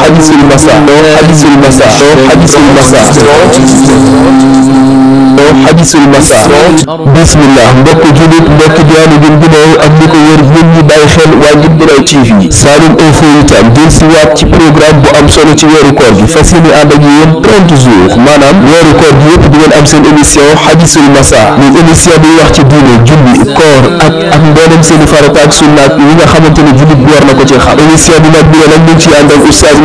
Hadis-i Masa Hadis-i Masa hadis Masa hadisul masa bismillah mbokk julit mbokk diwaanu jun bu néew ak li ko wër ñun ñu bàyyi xel waa Njub bu Néew TV Saloum Info itam dil si waat ci programme bu am solo ci weeru koor gi fas yéene ànd ak maanaam weeru koor gi yëpp di ngeen am seen émission hadisul masa muy émission bi wax ci diine julli koor ak ak mboolem seen i farata ak sunna yi nga xamante ni julit bi war na ko ci xam émission bi nag bi ne nag ñu ngi ciy ànd ak oustaz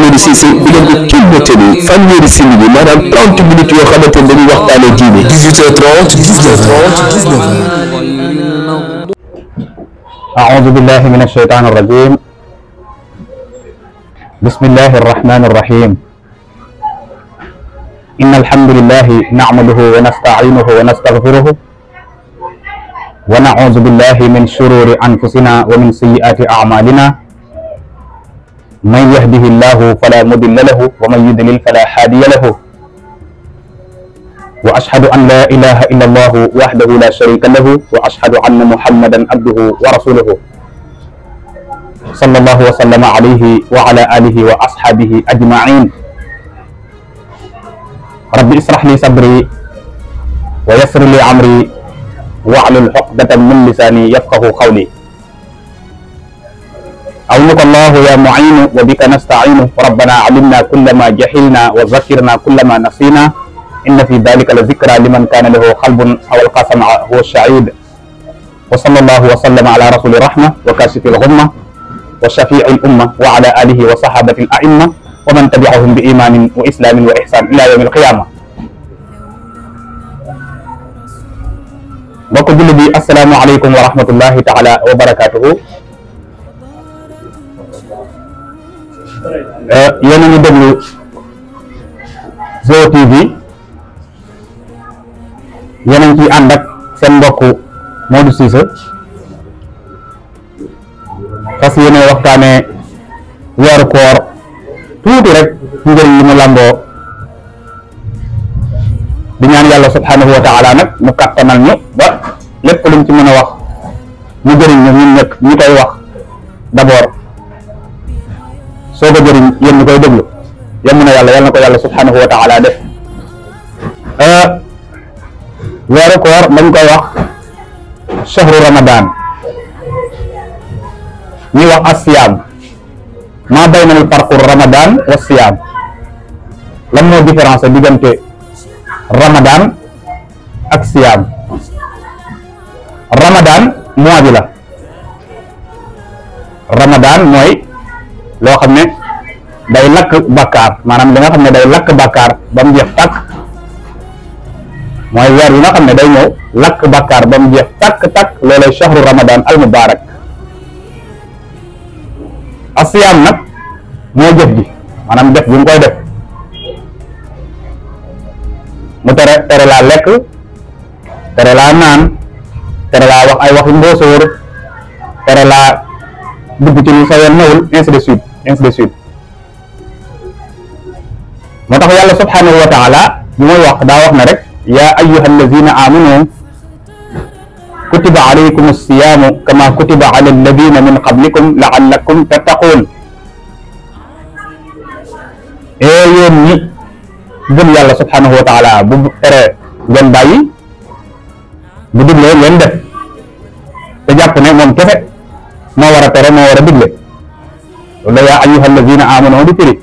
Modou maanaam 30 minutes xamante ne dañuy waxtaane diine أعوذ بالله من الشيطان الرجيم بسم الله الرحمن الرحيم إن الحمد لله نعمله ونستعينه ونستغفره ونعوذ بالله من شرور أنفسنا ومن سيئات أعمالنا من يهده الله فلا مضل له ومن يضلل فلا هادي له وأشهد أن لا إله إلا الله وحده لا شريك له وأشهد أن محمدا عبده ورسوله صلى الله وسلم عليه وعلى آله وأصحابه أجمعين ربي اشرح لي صدري ويسر لي أمري واحلل عقدة من لساني يفقه قولي أعوذ الله يا معين وبك نستعين ربنا علمنا كل ما جهلنا وذكرنا كل ما نسينا إن في ذلك لذكرى لمن كان له قلب أو القى هو الشعيب وصلى الله وسلم على رسول الرحمة وكاشف الغمة وشفيع الأمة وعلى آله وصحابة الأئمة ومن تبعهم بإيمان وإسلام وإحسان إلى يوم القيامة mbokk julli السلام عليكم ورحمة الله تعالى وبركاته barakaatuhu yéen a ngi déglu TV yéen a ngi ciy ànd ak seen mbokk Modou Cissé fas yéene waxtaanee weeru koor tuuti rek njëriñ li mu làmboo di ñaan yàlla subhanahu wa taala nag mu kàttanal ñu ba lépp luñ ci mën a wax mu jëriñ ñu ñun ñëpp ñu koy wax d'abord soo ko jëriñ yéen ñu koy déglu yéen mën a yàlla yàlla na ko yàlla subhanahu wa de euh, weeru koor dañ koy wax shahru ramadan ni wax asiyam ma bayna al ramadan wa siyaam lan perangsa différence digante ramadan ak siyam ramadan mois bi la ramadan moy lo xamne day lak bakar manam li nga xamne day lak bakar bam tak mooy weer bi nga xam ne day ñëw lakk bàkkaar ba mu jeex takk-takk loolay shahru ramadan al mubarak asiyaam nag mooy jëf ji maanaam def bi mu koy def mu tere tere laa lekk tere laa naan tere laa wax ay wax mboosóor tere laa dugg ci lu sa yoon de suite ainsi de suite moo tax yàlla subhanahu wa taala bi muy wax daa wax na rek يا أيها الذين آمنوا كتب عليكم الصيام كما كتب على الذين من قبلكم لعلكم تتقون أي ني دم يالله سبحانه وتعالى بمبتر ين بدل لين ين دف من كفة ما ورا ترى ما ورا بدل يا أيها الذين آمنوا بتري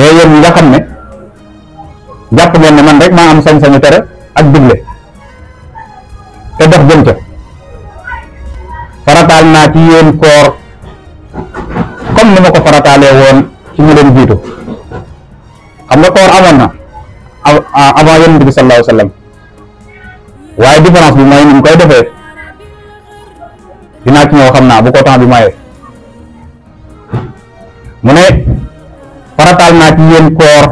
أي ني دخلنا jàpp ngeen ne man rek maa am sañ-sañu tere ak digle te dox jëm farataal naa ci yéen koor comme ni ma ko farataalee woon ci ñu leen jiitu xam nga koor amoon na avant yonent bi sallallahu alayhi wa waaye différence bi mooy ni mu koy defee dinaa ci ñëw xam naa bu ko temps bi mayee mu ne farataal naa ci yéen koor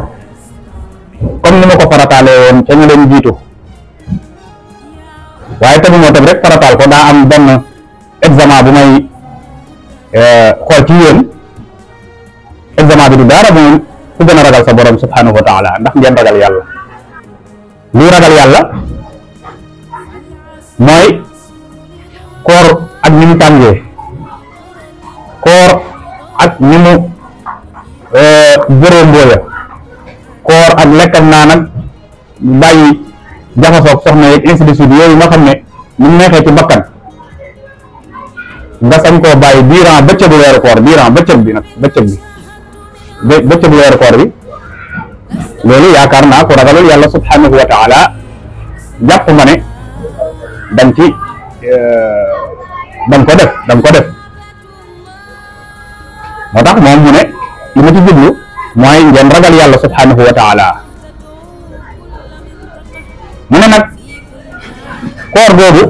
comme ni ko farataale woon ca ñu leen jiitu waaye tamit moo tam farataal ko daa am benn examen bu may euh, xool ci yéen examen bi du dara moom ku gën ragal sa borom subhanahu ndax ngeen ragal yàlla luy ragal yàlla mooy koor ak ni mu tàngee koor ak ni neexee ci bakkan nga sañ koo bàyyi durant bëccëgu bëccëg bi nag bëccëg bi bé bëccëgu weeru koor bi loolu yaakaar naa ko ragalul yàlla subhanahu wa taala jàpp ma ne dañ ci euh, dañ ko def dañ ko def moo tax moom mu ne li ma ci jublu mooy ngeen ragal yàlla subhanahu wa taala mu ne nag koor bobu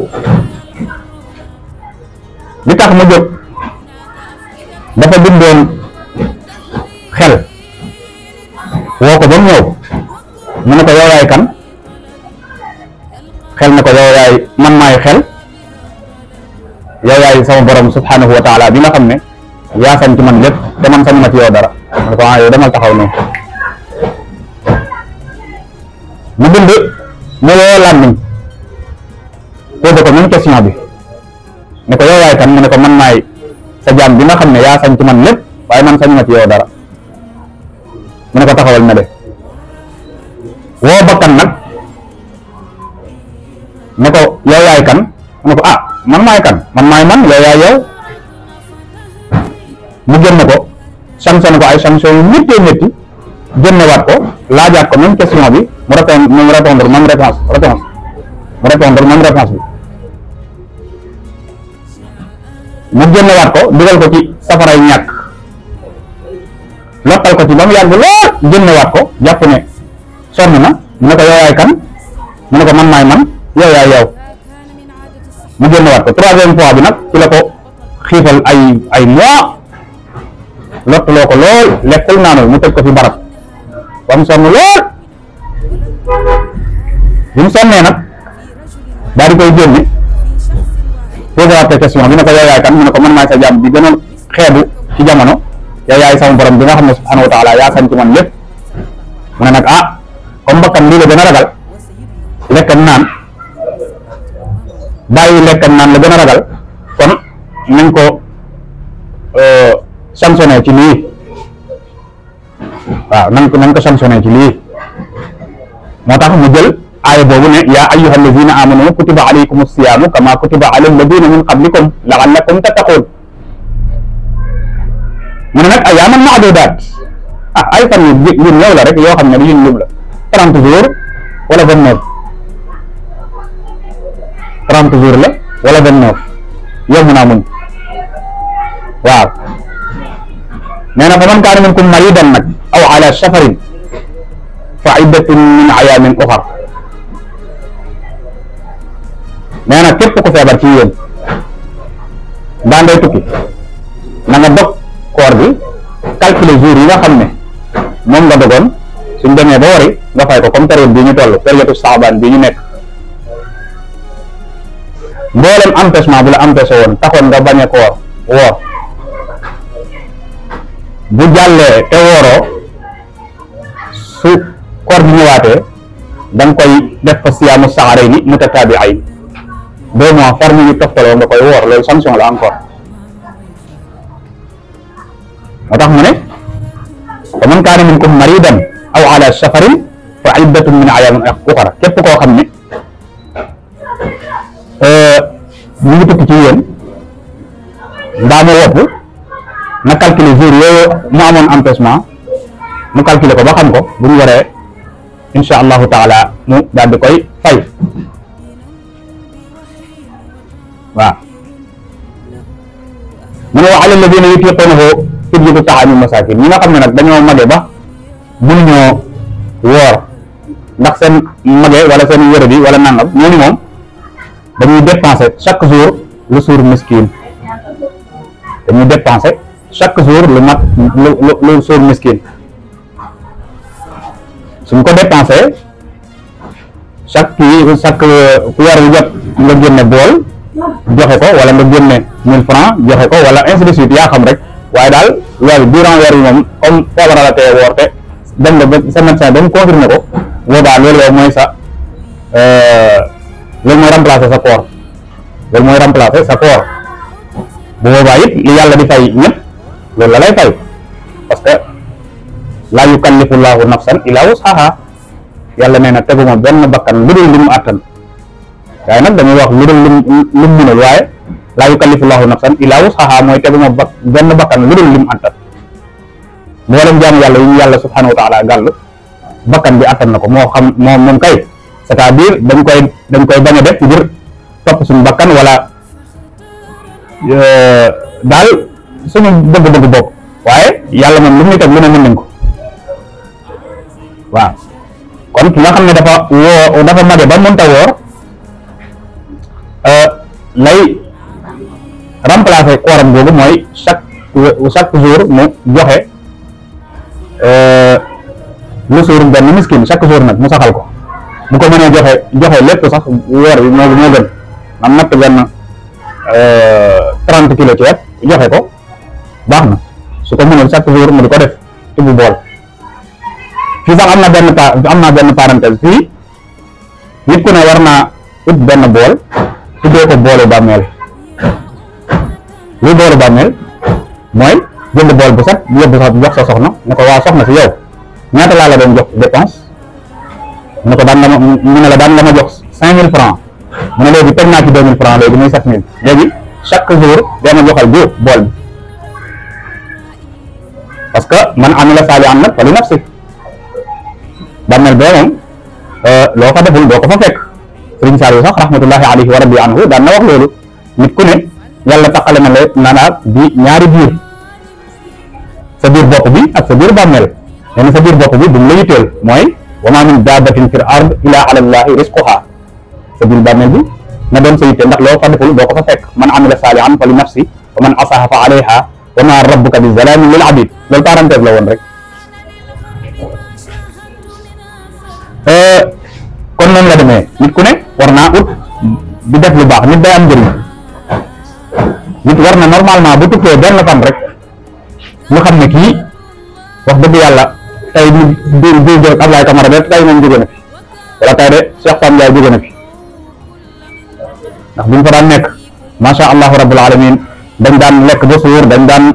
li tax ma jog dafa dundon xel woo ko ba mu mu ne ko yow yaay kan xel ne ko yow yaay man may xel yow yaay sama borom subhanahu wa taala bi nga xam ne yaa ci man lepp te man sama ci yow dara ma ko ay ah, dama taxaw no mu dund mu woo làmmiñ ko communication bi ne ko yow yaay kan mu ne ko man maay sa jaam bi nga xam ne yaa sañ ci man lépp waaye man sañuma ci yow dara mu ne ko taxawal de bakkan ne ko yow kan ne ko ah man maay kan man maay man yow yaay yow mu ko sanction ko ay sanction yu méttee métti génnewaat ko laajaat ko même question bi mu répondre même répondre même réponse réponse mu répondre même réponse mu génnewaat ko dugal ko ci safaray ñàkk lottal ko ci ba mu yàgg lool génnewaat ko jàpp ne sonn na mu ne ko yooyaay kan mu ne ko man maay man yooyaay yow mu génnewaat ko troisième fois bi nag ci la ko xiifal ay ay mois lottaloo ko lool lekkul naanul mu tëj ko fi barab ba mu sonn lool bi mu sonnee nag daal di koy génne ko laajte question bi na ko yow yaay kan mu ne ko man maay sa jàmm bi gën a xeebu ci jamono yow yaay sama borom bi nga xam ne subhanahu wa taala yaa sañ ci man lépp mu ne nag ah comme mbakkam lii la gën a ragal lekkam naan bàyyi lekkam naan la gën a ragal kon nañ ko euh, sanctionné ci lii waaw nañ ko nañ ko sanctionné ci lii moo tax mu jël آية يا أيها الذين آمنوا كتب عليكم الصيام كما كتب على الذين من قبلكم لعلكم تتقون من هناك أيام معدودات آه، أي فن يوم رك يوم خمسة يوم يولا ترام تزور ولا بنوف ترام تزور لا ولا بنوف يوم نامون واو نحن فمن كان منكم مريضا أو على سفر فعدة من أيام أخرى nee na képp ku feebar ci yéen daan day tukki na nga dog koor bi calculer jour yi nga xam ne moom nga dogoon suñ demee ba wari nga fay ko comme période bii ñu toll période saabaan bi ñu nekk mboolem empêchement bu la empêché woon taxoon nga bañ a koor woor bu jàllee te wooroo su koor bi ñëwaatee da koy def fa siyaamu saxaray ni mutataabi ay deux mois far mu ngi toftaloo nga koy woor loolu sanction la mu ne fa man minkum maridan aw ala safarin fa iddatun min ayaamin uxra képp koo xam ne mu ngi tukki ci yéen mbaa mu wopp na calculer jour ko ba xam ko bu ñu waree incha allahu taala mu daal koy fay waaw mu ne wa ala alladina yutiqunahu fidyatu taami masakin ñi nga xam ne nag dañoo mage ba mënuñoo woor ndax seen mage wala seen wér bi wala nangam ñooñu moom dañuy dépenser chaque jour lu suur miskin dañuy dépenser chaque jour lu mat lu lu suur miskin suñ ko dépensé chaque chaque weer wu jot nga génne bool joxe ko wala nga gemme 1000 francs joxe ko wala ainsi de suite ya xam rek waye dal loolu durant weer yi mom comme feebar la tay worte dem na sa médecin dem confirmer ko wo ko boobaa lo moy sa euh loolu mooy remplacer sa corps loolu mooy remplacer sa corps bu boobaa it li yalla di fay ñep loolu la lay fay parce que la yukallifu llaahu nafsan illa wusaha yalla neena teguma ben bakkan lu dul limu atane waye nak dañuy wax lu lim lim mënul waaye laa yukallifullahu nafsan illa wusaha moy tebuma ma bak benn bakkan lu lim attan mo jaamu jamm yalla ñu yalla subhanahu wa taala gal bakkan bi attan nako mo xam moom mom kay c'est-à-dire dañ koy dañ koy baña def ngir top suñu bakkan wala euh, dal suñu bëgg-bëgg bok waye yalla mom lu mu ñu teg lu ne nañ ko waaw kon ki nga xamne dafa woo dafa magge ba mën ta wor Euh, lay remplacer kooram googu mooy chaque chaque jour mu joxe euh, lu suur benn miskin chaque jour nag mu saxal ko bu ko mënee joxe joxe lépp sax weer bi moo moo gën am natt benn euh, trente kilo ceeb joxe ko baax na su ko mënul chaque jour mu di ko def ci bu bool fii sax am na benn pa am naa benn parenthèse fii nit ku ne war ut benn bool tuddee ko boolu bàmmeel luy boolu bàmmeel mooy jënd bool bu set jox sa soxna ne ko soxna si yow ñaata laa la doon jox dépense mu ne la daan nga ma jox cinq mille francs mu ne léegi teg naa ci deux mille francs léegi mille léegi chaque jour dee ma joxal bool bi parce que man amila saalihan nag fa li nafsi bàmmeel bee moom euh, loo fa deful doo fa fekk sëriñ Saliou sax rahmatullahi alayhi wa rabbi anhu daan na wax loolu nit ku ne yàlla taxale na la nana bi ñaari bir sa biir bopp bi ak sa biir bàmmeel nee na sa biir bopp bi bu lay tel moy wa maa min daabatin fil ard ila ala llahi risquha sa biir bàmmeel bi na dem sey te ndax lo fa deful boko fa fek man amila salihan fali nafsi wa man asaha fa alayha wa ma rabbuka bi zalami lil abid loolu parenthèse la won rek eh, kon non la demé nit ku nek Warna naa ut di def lu baax nit day am njëriñ nit war normalement bu tukkee benn fan rek ñu xam ne wax dëgg yàlla tey ñu biir biir jël Ablaye Camara de tey moom jóge wala tey de Cheikh Pam Ndiaye jóge fi ndax buñ fa daan rabbul alamin dañ daan suur dañ daan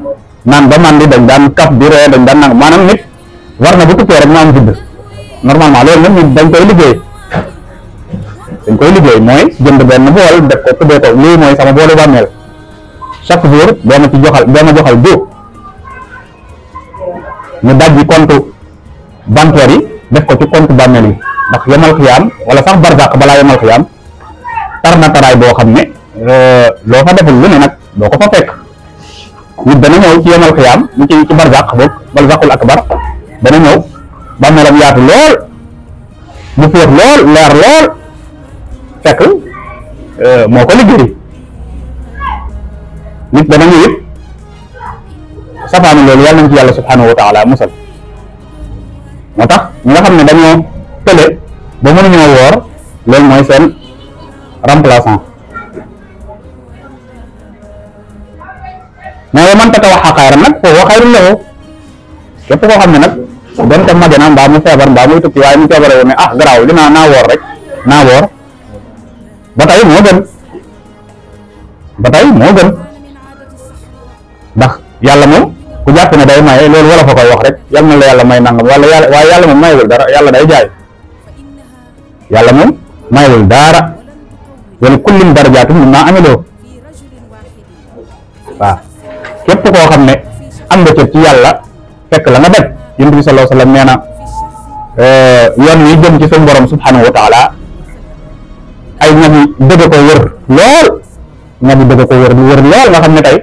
ba dañ daan kaf di dañ daan nang maanaam nit Warna bu tukkee rek ma am vidd normalement loolu nag dañ koy liggéey dañ koy liggéey mooy jënd benn bool def ko tuddee ko lii mooy sama boolu bàmmeel chaque jour doo ma ci joxal doo ma joxal jóob ñu dajji compte bancaire yi def ko ci compte bàmmeel yi ndax yamal xiyaam wala sax barzaq balaa yamal xiyaam tar na taraay boo xam ne euh, loo fa deful lu ne nag doo ko fa fekk nit dana ñëw ci yamal xiyaam ñu ci ci barzaq boog barzaqul akbar dana ñëw bàmmeelam yaatu lool mu féex lool leer lool fekk euh, moo ko liggéey nit dana ñëw it safaanu loolu yàlla nañ ci yàlla subhanahu wa taala musal moo tax ñi nga xam ne dañoo tële ba mënuñoo woor loolu mooy seen remplaçant mais wa man tatawaxa xayran nag foofu wa xayrun lahu képp xam ne nag doon ko majana mbaa mu feebar mbaa muy tukki waaye mu feebaree ne ah garaaw dinaa naa woor rek naa woor bataay moo gën bataay moo gën ndax yàlla moom ku jàpp day maye loolu wala fa koy wax rek yal la yàlla may nangam wala yàlla waaye yàlla moom mayewul dara yàlla day jaay yàlla moom mayewul dara wala kullin darajaatun mimmaa amiloo waaw képp koo xam ne am nga cër ci yàlla fekk la nga def yonent bi sallallahu alayhi wa eh, jëm ci suñu borom subhanahu ay ñabi bëgg ko wër lool ñabi bëgg ko wër lu wër lool nga xam ne tey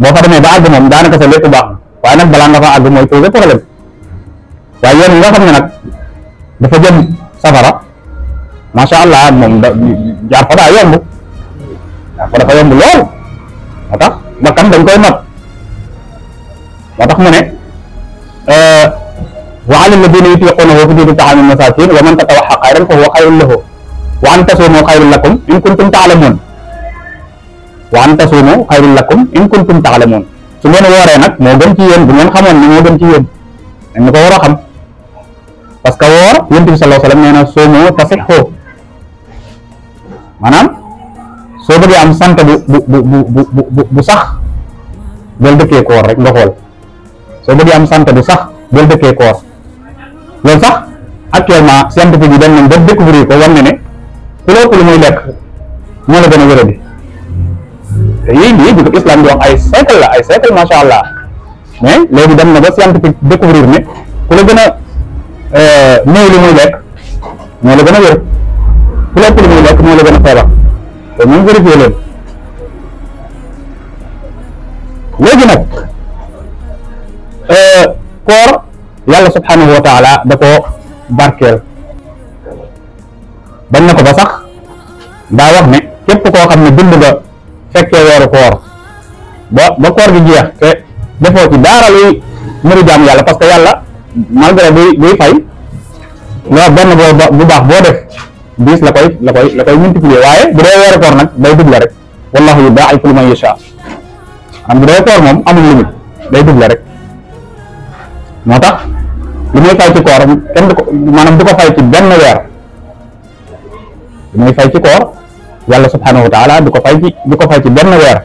boo fa demee ba àgg moom daanaka sa lépp baax na waaye nag balaa nga fa àgg mooy poser problème waaye yoon nga xam ne nag dafa jëm safara macha allah moom da jaar fa daa yomb jaar fa dafa yomb lool moo tax bakkan dañ koy not moo tax mu ne eh, wa ala alladina yutiqunahu fidyatun ta'amu masakin wa man tatawahha khayran fa huwa khayrun lahu sumo khairul lakum in kuntum ta'lamun ఖైరుల్లకుం sumo khairul lakum in kuntum ta'lamun తాలమూన్ cuman wore nak mo mogen ci yeen bu ngeen xamone ni mo mogen ci yeen dañ ko wara xam parce que wor yeen bi sallallahu alayhi wasallam neena sumo tasihhu manam so bëgg am sante bu bu bu bu bu bu sax del dëkke ko rek nga xol so bëgg am sante bu sax del dëkke ko lool sax actuellement scientifique yi dañ nañ ba découvrir ko wone ne ku la ëpp lu muy lekk moo la gën a wéradi te yii lii bi ko islam di wax ay siècle la ay siècle allah mais léegi dem na ba scientifique découvrir ne ku la gën a euh, néew lu muy lekk moo la gën a wér ku la ëpp lu lekk moo la gën a feebar te nag euh, koor yàlla subhanahu wa taala da ko barkeel bañ na ko ba sax daa wax ne képp koo xam ne dund nga fekkee weeru koor ba ba koor gi jeex te defoo ci daara luy mënu jaam yàlla parce que yàlla malgré buy buy fay loolu benn boo bu baax boo def diis la koy la koy waaye bu dee weeru koor nag day double rek wallahu yudaa'ifu liman yashaa am bu dee koor moom amul limite day double rek moo tax li muy fay ci koor kenn du ko fay ci benn weer may fay ci koor yalla subhanahu wa taala du ko fay ci du ko fay ci ben wer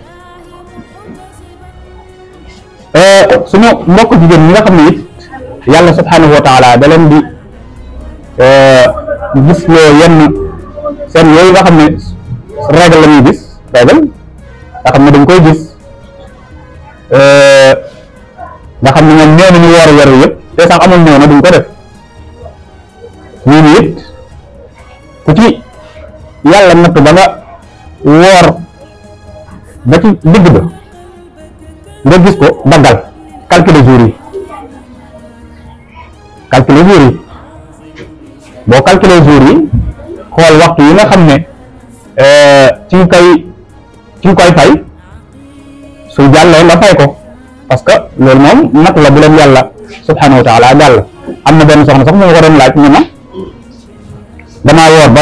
euh suñu mbokk jigen ñi nga xamni yalla subhanahu wa taala da len di euh gis lo yenn sen yoy nga xamni reg la ñuy gis règle nga xamni dañ koy gis euh nga xamni ñoom neenu ñu woor wer yëpp té sax amul ñëw na duñ ko def ñii nit ku ci yàlla nattu ba nga woor ba ci gis ko daggal calculer jour yi calculer boo calculer jour yi xool waxtu yi na xam ne euh, ci nga koy ci nga koy fay su jàllee nga fay ko parce que loolu moom natt la bu leen yàlla subhanahu wa taala jàll am na benn soxna sax mu ma ko doon laaj ñu woor ba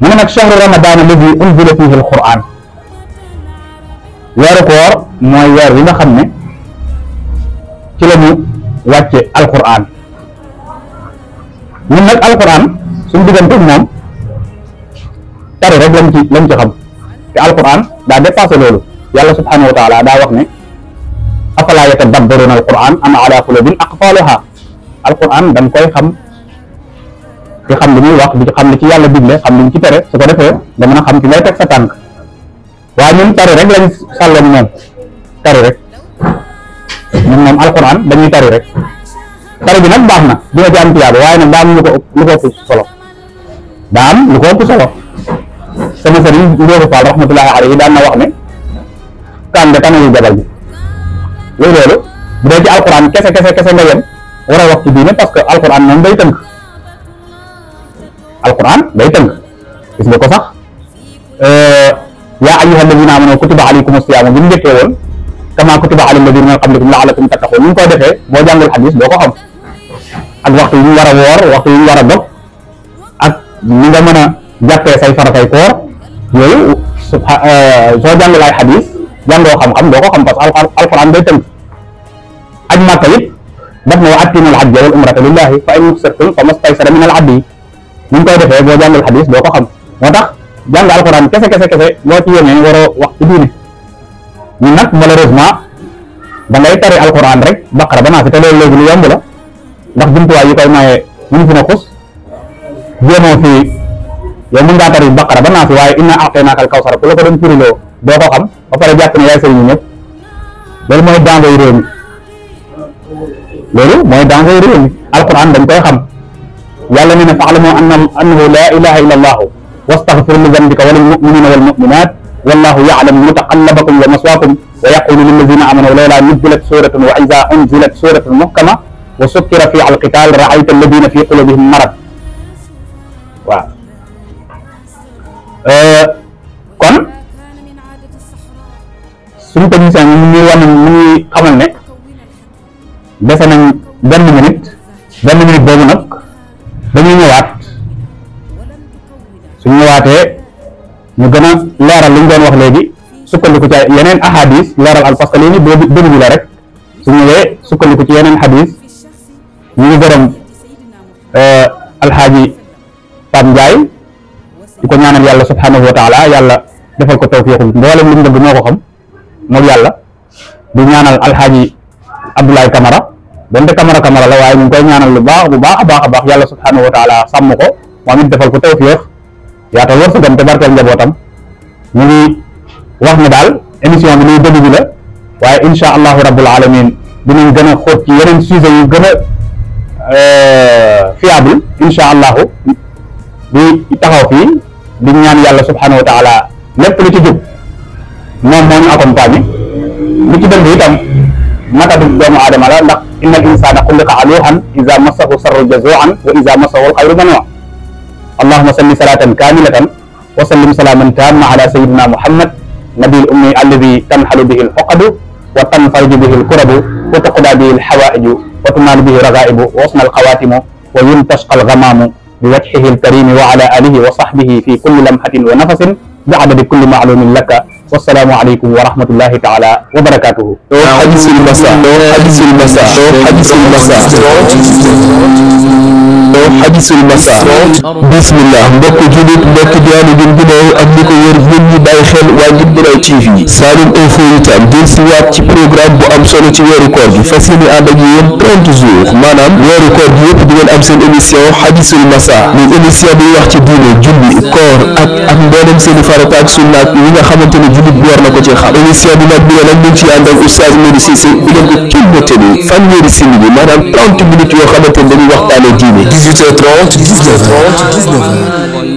mu ne nag chahru ramadan alladi unzila fihi alquran weeru koor mooy weer wi nga xam ne ci la ñu wàcce alquran ñun nag alquran suñu diggante moom tari rek lañ ci lañ ci xam te alquran daa dépassé loolu yàlla subhanahu wa taala daa wax ne afala yatadabbaruna alquran am ala qulubin aqfaluha alquran dañ koy xam di xam li muy wax di xam li ci yàlla digle xam li ci téré su ko defee nga mën xam ci lay teg sa tànk waaye ñun tari rek lañ sàlloon moom tari rek ñun moom alquran dañuy tari rek tari bi nag baax na dina ci am tiyaaba waaye nag daa lu ko lu ko ëpp solo daa lu ko ëpp solo sama sëriñ Ndiobo Fall rahmatullahi alayhi daan na wax ne kaan de tanayu jabal bi léegi loolu bu dee ci alquran kese kese kese nga yem war a wax ci diine parce que alquran moom day tënk alquran day tënk gis nga ko sax euh, yaa ayyuha alladina amanu kutiba alaykum asiyaama bi mu njëkkee woon kama kutiba ala alladina min qablikum laalakum tattaqun ni ñu koy defee boo jàngul xadis doo ko xam ak waxtu yi ñu war a woor waxtu yi ñu war a dog ak ni nga mën a jàppee say faratay koor yooyu euh, soo jàngul ay xadis jàngoo xam-xam doo ko xam parce que alquran day tënk aj màkka it daf na wa attimul hajja wal umrata lillahi fa in uxsirtum fa mastaysara min al addi ni ñu koy defee boo jàngal xadis doo ko xam moo tax jàng alxuraan kese kese kese loo ci yéene waroo wax ci diine ñun nag malheureusement da ngay tari alxuraan rek baqara ba naa te loolu lu yomb la ndax jumtuwaay yi koy maye mënu fi na xus jéemoo fii yow mën ngaa tari baqara ba naa waaye inna a'taynaaka al-kawsar ku la ko doon firiloo doo ko ba pare jàpp ne yaay sëriñ ñëpp loolu mooy danger réew mi loolu mooy danger réew alxuraan dañ koy xam والذين تعلموا أن أنه لا إله إلا الله واستغفر لذنبك وللمؤمنين والمؤمنات والله يعلم متقلبكم ومثواكم ويقول للذين آمنوا لولا نزلت سورة وإذا أنزلت سورة محكمة وسكر في على القتال رأيت الذين في قلوبهم مرض و... kon suñu technicien bi mu ngi wan mu ngi xamal ne defe nañ benn minute benn نجنا لارا لينجون وخلجي سكر لكو ينن أحاديث لارا الفصليني بدو بدو لارك سنوي سكر لكو ينن حديث نيجرم الحاجي بامجاي يكون يانا يالله سبحانه وتعالى يالله دفعك توفيق دولة من دبنا وخم مول يالله دنيا الحاجي عبد الله كمرة بند كمرة كمرة لواي مكوي يانا لبا وبا أبا أبا يالله سبحانه وتعالى سموه وامد دفعك توفيق yaatal wërsëgam te barkeel njabootam ñu ngi wax ne daal émission bi nii début bi la waaye incha allahu rabbul alamin dinañ gën a xóot ci yeneen sujet yu gën a euh, fiable incha allahu di taxaw fii di ñaan yàlla subhanahu wa taala lépp li ci jub moom moo ñu accompagné li ci dëng itam matadu doomu aadama la ndax inna al insana xuliqa aluhan ida massahu sarru jazuan wa ida massahu alxayru manua اللهم صل صلاة كاملة وسلم سلاما تاما على سيدنا محمد نبي الأمي الذي تنحل به الحقد وتنفرج به الكرب وتقضى به الحوائج وتنال به الرغائب وصن الخواتم وينتشق الغمام بوجهه الكريم وعلى آله وصحبه في كل لمحة ونفس بعدد كل معلوم لك والسلام عليكم ورحمة الله تعالى وبركاته حديث المساء حديث المساء حديث المساء Ndao Agissou Massa bismillah mbokk jullit mbokk diwaanu jun gudoow ak li ko wër ñun ñu bàyyi xel waa Njub bu Ndaw TV Saloum Info itam dil si waat ci programme bu am solo ci weeru koor gi fas yéene ànd ak yéen 30 jours maanaam weeru koor gi yëpp di ngeen am seen émission Agissou Massa muy émission bi wax ci diine julli koor ak ak mboolem seen i farata ak sunna ak nga xamante ni jullit bi ko ci xam bi nag bi ne nag ñu ngi ci ànd ak oustaz Modou Cissé di leen ko kénbateni fanweeri simili maanaam 30 minutes yoo xamante ne dañuy Future pronto, Disney, Disney, Disney.